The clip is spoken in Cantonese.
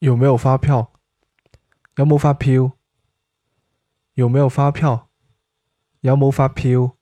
有沒有發票？有冇發票？有沒有發票？有冇發票？